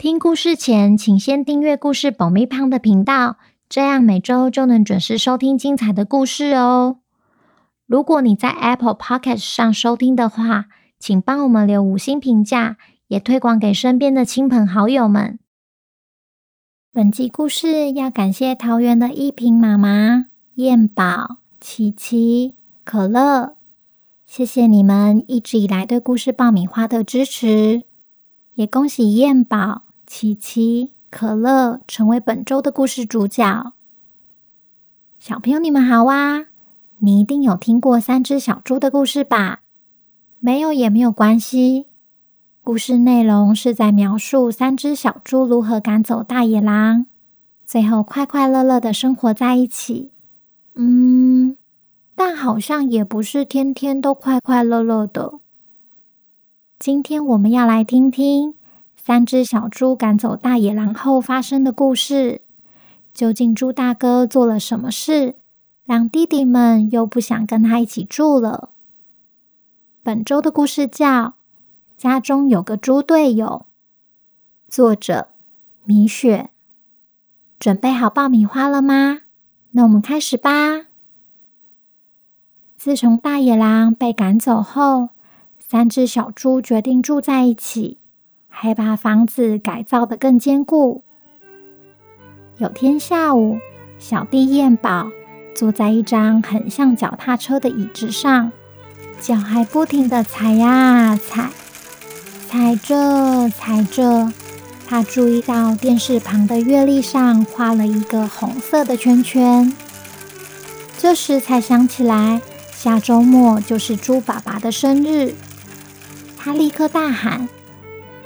聽故事前，請先訂閱故事爆米花的頻道，這樣每周就能準時收聽精彩的故事哦。如果你在 Apple Podcast 上收聽的話，請幫我們留五星評價，也推廣給身邊的親朋好友們。本集故事要感謝桃園的一瓶媽媽、燕寶、琪琪、可樂，謝謝你們一直以來對故事爆米花的支持，也恭喜燕寶。琪琪可樂成為本周的故事主角。小朋友，你們好啊！你一定有聽過三隻小豬的故事吧？沒有也沒有關係。故事內容是在描述三隻小豬如何趕走大野狼，最後快快樂樂的生活在一起。嗯，但好像也不是天天都快快樂樂的。今天我們要來聽聽。三隻小豬趕走大野狼後發生的故事，究竟豬大哥做了什麼事，讓弟弟們又不想跟他一起住了？本周的故事叫《家中有個豬隊友》，作者米雪。準備好爆米花了嗎？那我們開始吧。自從大野狼被趕走後，三隻小豬決定住在一起。還把房子改造得更堅固。有天下午，小弟燕寶坐在一張很像腳踏車的椅子上，腳還不停地踩呀、啊、踩，踩着踩着，他注意到電視旁的月曆上畫了一個紅色的圈圈。這時才想起來，下周末就是豬爸爸的生日，他立刻大喊。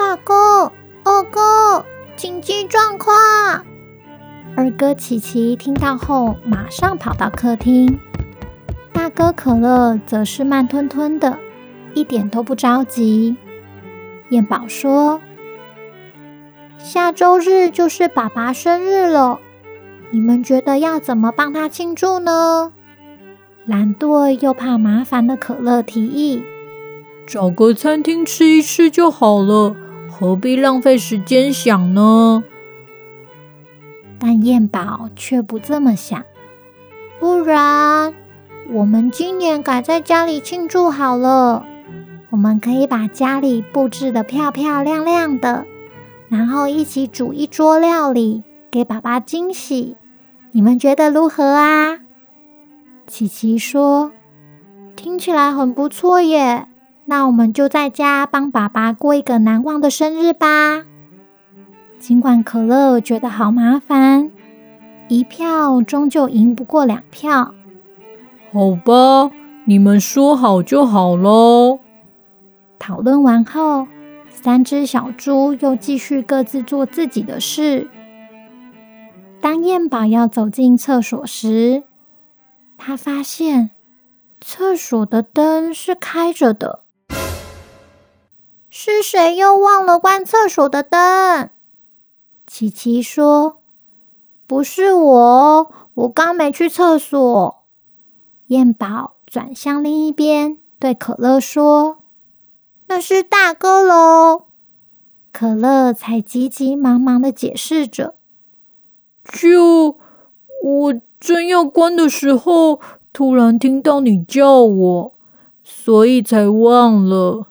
大哥、二哥，緊急狀況！二哥琪琪聽到後，馬上跑到客廳；大哥可樂則是慢吞吞的，一點都不着急。燕寶說：“下週日就是爸爸生日了，你們覺得要怎麼幫他慶祝呢？”懶惰又怕麻煩的可樂提議：“找個餐廳吃一吃就好了。”何必浪費時間想呢？但燕寶卻不這麼想，不然我們今年改在家裡慶祝好了。我們可以把家裡布置得漂漂亮亮的，然後一起煮一桌料理給爸爸驚喜。你們覺得如何啊？琪琪說：“聽起來很不錯耶。”那我們就在家幫爸爸過一個難忘的生日吧。儘管可樂覺得好麻煩，一票終究贏不過兩票。好吧，你們說好就好嘍。討論完後，三只小豬又繼續各自做自己的事。當燕寶要走進廁所時，他發現廁所的燈是開着的。是誰又忘了關廁所的燈？琪琪說：“不是我，我剛沒去廁所。”燕寶轉向另一邊，對可樂說：“那是大哥嘍。”可樂才急急忙忙的解釋着：“就，我正要關的時候，突然聽到你叫我，所以才忘了。”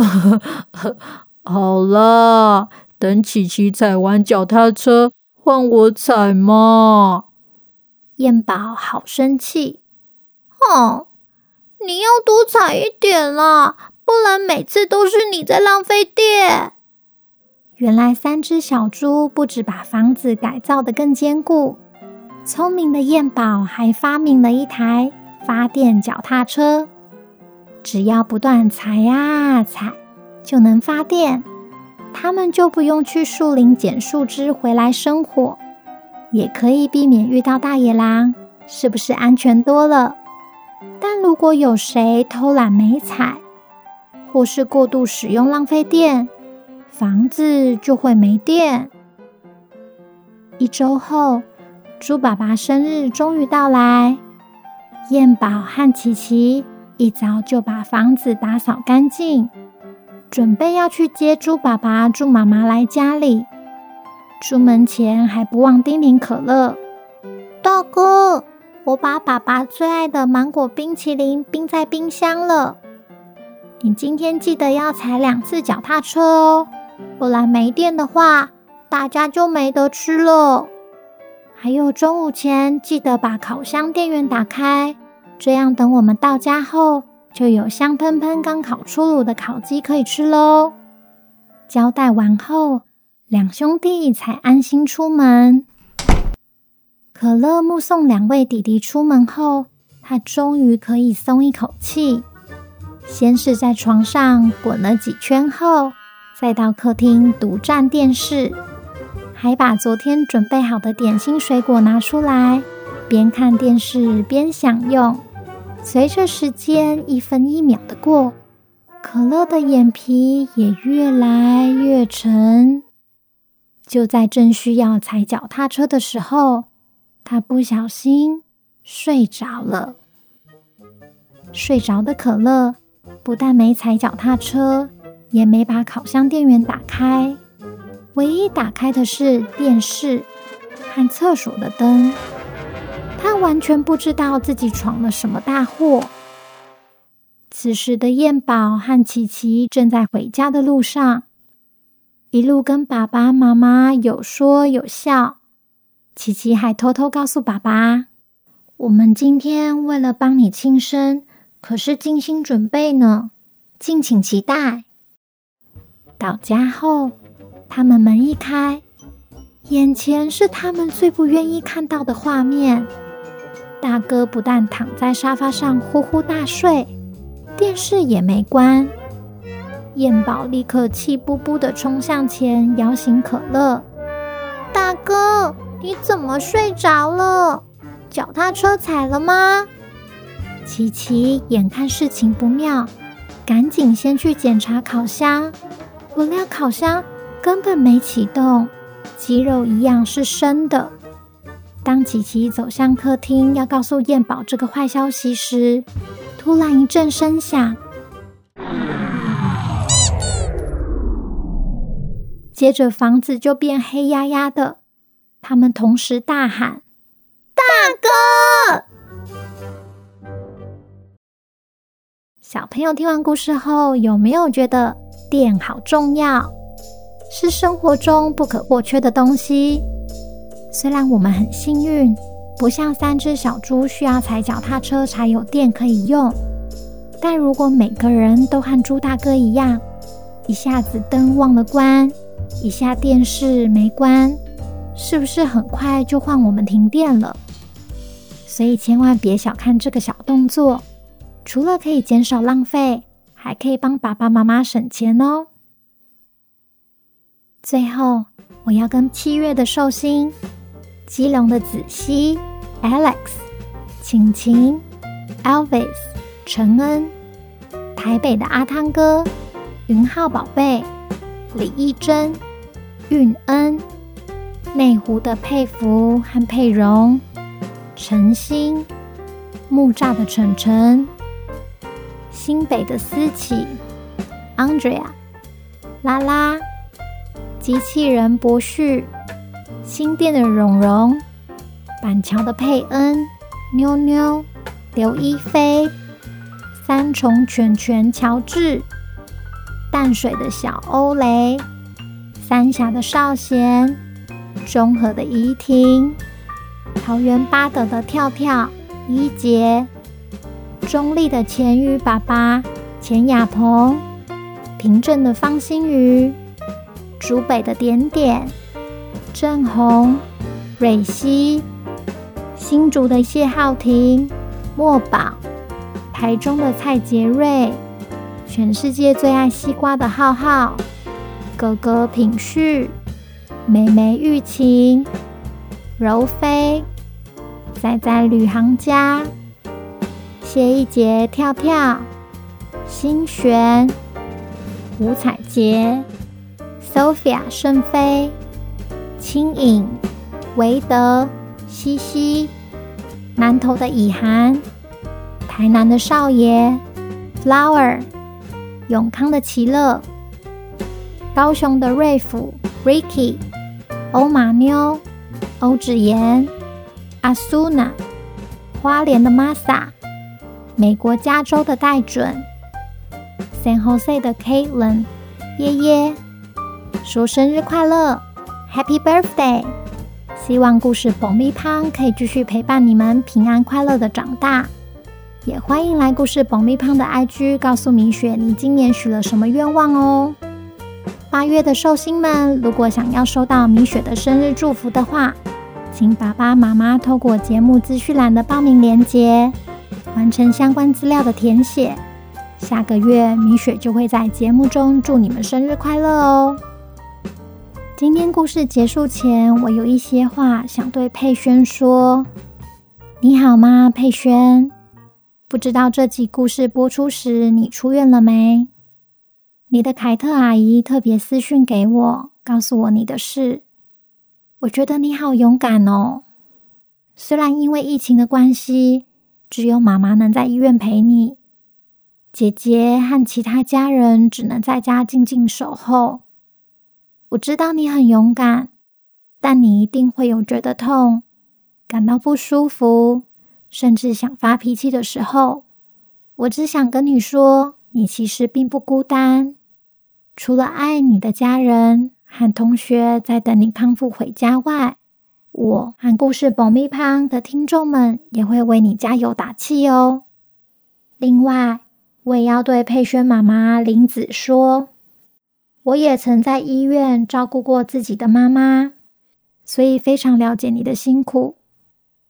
好啦，等琪琪踩完腳踏車，換我踩嘛。燕寶好生氣，哼、哦！你要多踩一點啦，不然每次都是你在浪費電。原來三只小豬不只把房子改造得更堅固，聰明的燕寶還發明了一台發電腳踏車。只要不斷踩呀、啊、踩，就能發電。他們就不用去樹林撿樹枝回來生火，也可以避免遇到大野狼，是不是安全多了？但如果有誰偷懶沒踩，或是過度使用浪費電，房子就會沒電。一周後，豬爸爸生日終於到來，燕寶和琪琪，一早就把房子打掃乾淨，準備要去接豬爸爸、豬媽媽來家裡。出門前還不忘叮嚀可樂：大哥，我把爸爸最愛的芒果冰淇淋冰在冰箱了。你今天記得要踩兩次腳踏車哦，不然沒電的話，大家就沒得吃了。還有中午前記得把烤箱電源打開。這樣，等我們到家後，就有香噴噴、剛烤出爐的烤雞可以吃嘍。交代完後，兩兄弟才安心出門。可樂目送兩位弟弟出門後，他終於可以鬆一口氣。先是在床上滾了幾圈後，再到客廳獨佔電視，還把昨天準備好的點心、水果拿出來，邊看電視邊享用。隨着時間一分一秒的過，可樂的眼皮也越來越沉。就在正需要踩腳踏車的時候，他不小心睡着了。睡着的可樂不但沒踩腳踏車，也沒把烤箱電源打開，唯一打開的是電視和廁所的燈。他完全不知道自己闖了什麼大禍。此時的燕寶和琪琪正在回家的路上，一路跟爸爸媽媽有說有笑。琪琪還偷偷告訴爸爸：“我們今天為了幫你慶生，可是精心準備呢，敬請期待。”到家後，他們門一開，眼前是他們最不願意看到的畫面。大哥不但躺在沙發上呼呼大睡，電視也沒關。燕寶立刻氣噗噗的衝向前，搖醒可樂：“大哥，你怎麼睡着了？腳踏車踩了嗎？”琪琪眼看事情不妙，趕緊先去檢查烤箱，不料烤箱根本沒啟動，雞肉一樣是生的。當琪琪走向客廳，要告訴燕寶這個壞消息時，突然一陣聲響，接着房子就變黑壓壓的。他們同時大喊：“大哥！”小朋友聽完故事後，有沒有覺得電好重要？是生活中不可或缺的東西？雖然我們很幸運，不像三隻小豬需要踩腳踏車才有電可以用，但如果每個人都和豬大哥一樣，一下子燈忘了關，一下電視沒關，是不是很快就換我們停電了？所以千萬別小看這個小動作，除了可以減少浪費，還可以幫爸爸媽媽省錢哦。最後，我要跟七月的壽星，基隆的子熙、Alex、晴晴、Elvis、陳恩；台北的阿湯哥、雲浩寶貝、李義珍、允恩；內湖的佩服和佩榮、晨星；木柵的晨晨；新北的思琪、Andrea、拉拉、機器人博旭。新店的蓉蓉，板橋的佩恩，妞妞，劉亦菲，三重全全，喬治，淡水的小歐蕾，三峽的少賢，中和的怡婷，桃園八德的跳跳，一杰，中壢的錢魚爸爸，錢亞鵬，平鎮的方心瑜，竹北的點點。鄭紅、蕊希、新竹的謝浩庭、墨寶、台中的蔡杰瑞、全世界最愛西瓜的浩浩、哥哥品旭、妹妹玉琴、柔飛、仔仔旅行家、謝一杰跳跳、心璇、吳彩杰、Sophia 聖飛。輕影、韋德、西西、南投的以涵、台南的少爺、Flower、永康的奇樂、高雄的瑞甫、Ricky、歐瑪妞、歐芷妍，妍，阿蘇娜、花蓮的 Massa、美國加州的戴准、San Jose 的 Katelyn 耶耶，說生日快樂！Happy birthday！希望故事爆米花可以繼續陪伴你們平安快樂的長大。也歡迎來故事爆米花的 IG，告訴米雪你今年許了什麼願望哦。八月的壽星們，如果想要收到米雪的生日祝福的話，請爸爸媽媽透過節目資訊欄的報名鏈接，完成相關資料的填寫。下個月米雪就會在節目中祝你們生日快樂哦。今天故事結束前，我有一些話想對佩萱說。你好嗎，佩萱？不知道這集故事播出時你出院了沒？你的凱特阿姨特別私訊給我，告訴我你的事。我覺得你好勇敢哦。雖然因為疫情的關係，只有媽媽能在醫院陪你，姐姐和其他家人只能在家靜靜守候。我知道你很勇敢，但你一定會有覺得痛、感到不舒服，甚至想發脾氣的時候。我只想跟你說，你其實並不孤單。除了愛你的家人和同學在等你康復回家外，我和故事爆米花的聽眾們也會為你加油打氣哦。另外，我也要對佩萱媽媽林子說。我也曾在醫院照顧過自己的媽媽，所以非常了解你的辛苦。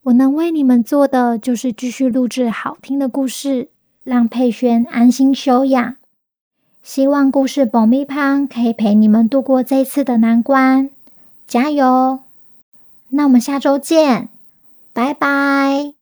我能為你們做的就是繼續錄制好聽的故事，讓佩軒安心休養。希望故事爆米花可以陪你們度過這次的難關，加油！那我們下周見，拜拜。